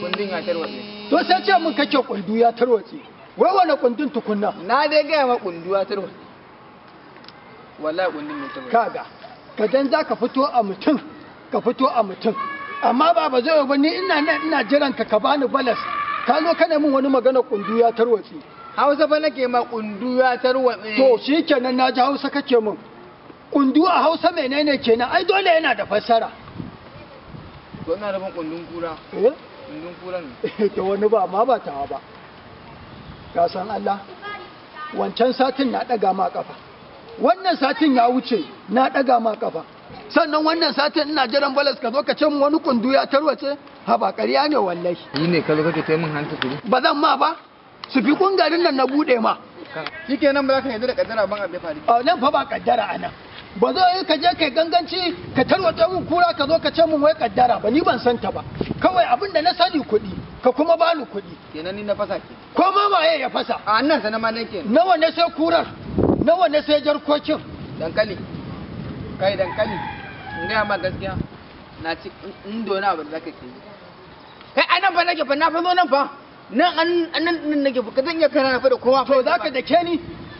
kundin ya tarwatse to sai ce mun kake kundu ya tarwatse wai wani kundin tukunna na dai gaya ma kundu ya tarwatse wallahi kundin mai tarwatse kaga ka dan za ka fito a mutum ka fito a mutum amma ba ba zai ba ni ina nan ina jiran ka ka bani balas ka zo kana min wani magana kundu ya tarwatse hausa fa nake ma kundu ya tarwatse to shikenan naji hausa kake min kundu a hausa menene kenan ai dole yana da fassara to ina da kundin kura eh kundin kura eh, to wani ba ma ba tawa ba ka san Allah wancan satin na daga ma kafa wannan satin ya wuce na daga ma kafa sannan wannan satin ina jiran balas ka zo ka ce wani kundu ya tarwace ha ba ƙarya ne wallahi yi ne ka zo kake taimun hanta kuri ba zan ma ba su fi kungarin nan na bude ma shikenan ba za ka yanzu da kaddara ban abin fari a nan fa ba kaddara a nan ba zo yi ka je kai ganganci ka tarwata mun kura ka zo ka ce mun wai kaddara ba ni ban san ta ba kawai abin da na sani kuɗi ka kuma ba ni kuɗi kenan ni na fasa ke ko ma ma ya fasa a annan sana ma nake nawa ne sai kurar nawa ne sai jarkokin dankali kai dankali in ga ma gaskiya na ci in dona abin zaka ke kai anan fa nake fa na fa zo nan fa nan an nan nake fa ka zan iya kana fa da kowa fa to zaka da ke ni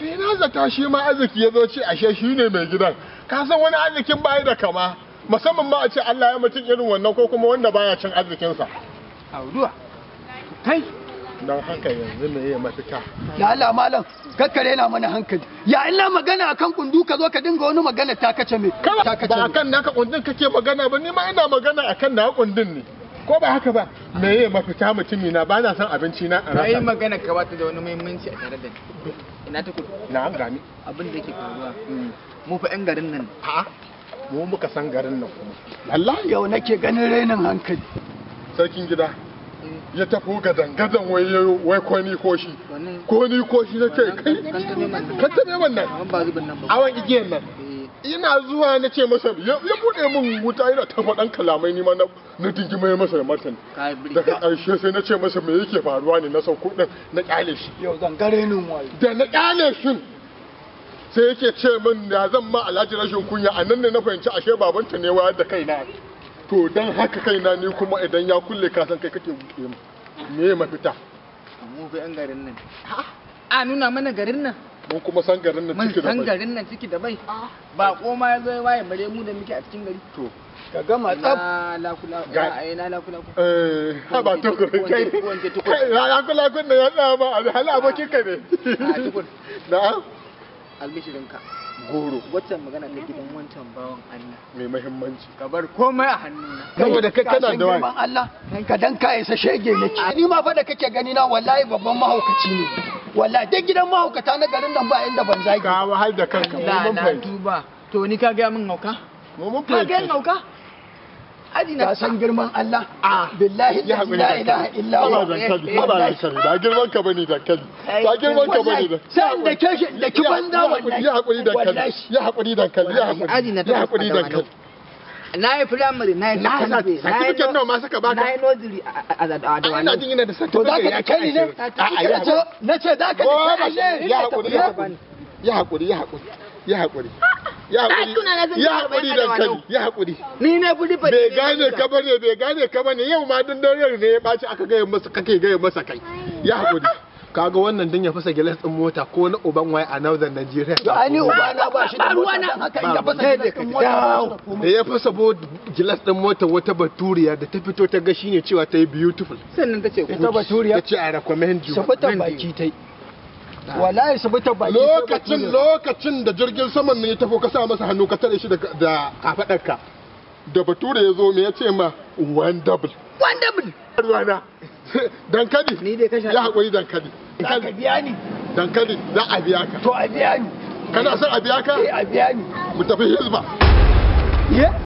eh na zata shi ma arziki ya zo ce ashe shi ne mai gidan ka san wani arzikin bayi da kama musamman ma a ce Allah ya mutum irin wannan ko kuma wanda baya cin arzikinsa auduwa kai don haka yanzu me ya mafita da Allah malam kakkare na mana hankali ya ina magana akan kundu ka zo ka dinga wani magana ta kace me ba akan naka kundin kake magana ba ni ma ina magana akan na kundin ne ko ba haka ba me ya mafita mutumi na ba na son abinci na a rasa magana ka bata da wani muhimmanci a tare da ni ina ta kudu na an gani abin da yake faruwa hmm, mu fa yan garin nan a mu muka san garin nan kuma Allah yau nake ganin rainin hankali sarkin gida hmm. ya tafi ga dangadan wai wai ko ni ko shi ko ni ko shi nake kai ka tabe wannan awan igiyan nan eh. ina zuwa na ce masa ya buɗe min wuta yana ta faɗan kalamai nima na dingima ya masa da martani daga ƙarshe sai na ce masa me yake faruwa ne na sauko ɗin na ƙyale shi yau zangare ni wayo da na ƙyale shi sai yake ce min da zan ma alhaji rashin kunya a nan ne na fahimci ashe babanta ne wayar da kaina to don haka kaina ni kuma idan ya kulle ka san kai kake buɗe mu me mafita mu fi 'yan garin nan a nuna mana garin nan mun kuma san garin nan ciki da bai mun san garin nan ciki da bai ah. ba koma ya zo ya waye bare mu da muke a cikin gari to ka gama tsaf la kula ai na la kula eh ha ba to ko kai la kula kun da ya ba a hala abokin ka ne ah, Na. almishirin ka goro waccan magana ta gidan wancan bawan Allah mai muhimmanci ka bar komai a hannuna saboda kai kana da wani Allah ka dan ka isa shege nake ni ma fa da kake gani na wallahi babban mahaukaci ne wallahi dai gidan mahaukata na garin nan ba inda ban zagi ka wahal da kanka mu mun fahimci duba to ni ka ga min hauka mu mun fahimci ka ga hauka aji na san girman Allah ah, billahi la ilaha illa Allah ba zan kabi ba zan kabi ba girman ka bane da kabi ba girman ka bane da sai da ke da ki banda wallahi ya hakuri da kabi ya hakuri da kabi ya hakuri ya hakuri da kabi na yi firamare na yi sakandare na yi no na yi noziri a zadawa ina jin yana da certificate ya kai ne na ce za ka ne ya hakuri ya hakuri ya hakuri ya hakuri ya hakuri ya haƙuri ya haƙuri ni ne budi fa bai gane ka bane bai gane ka bane yau ma dun ne ya baci aka gaya masa kake gaya masa kai ya haƙuri kaga wannan din ya fasa gilas din mota ko na uban waye a northern Nigeria to ani uba na ba shi da ruwa na haka ya fasa gilas din mota da ya fasa bo gilas din mota wata baturiya da ta fito ta ga shine cewa ta yi beautiful sannan ta ce ta baturiya ta ce i recommend you sabata baki tai wallahi sabata baki lokacin lokacin da jirgin saman ne ya tafi ka sa masa hannu ka tare shi da da kafadarka da bature ya zo me ya ce ma one double one double ruwana dankali ya haƙuri dankali za dankali za a biya ka a biya ni kana son a biya ka eh, mu tafi hizba